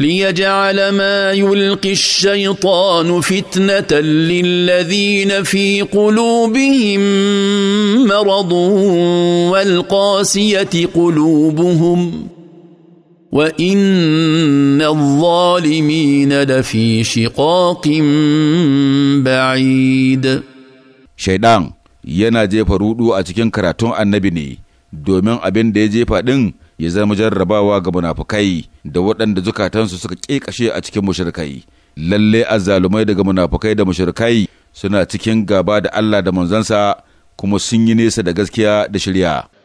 ليجعل ما يلقي الشيطان فتنه للذين في قلوبهم مرض والقاسيه قلوبهم وان الظالمين لفي شقاق بعيد شيطان ينا jefa رودو a كراتون النبي دومين ne دي abin دن ya zama jarrabawa ga munafukai da waɗanda zukatansu suka ƙeƙashe a cikin mushrikai lalle azzalumai daga munafukai da mushrikai suna cikin gaba da Allah da manzansa kuma sun yi nesa da gaskiya da shirya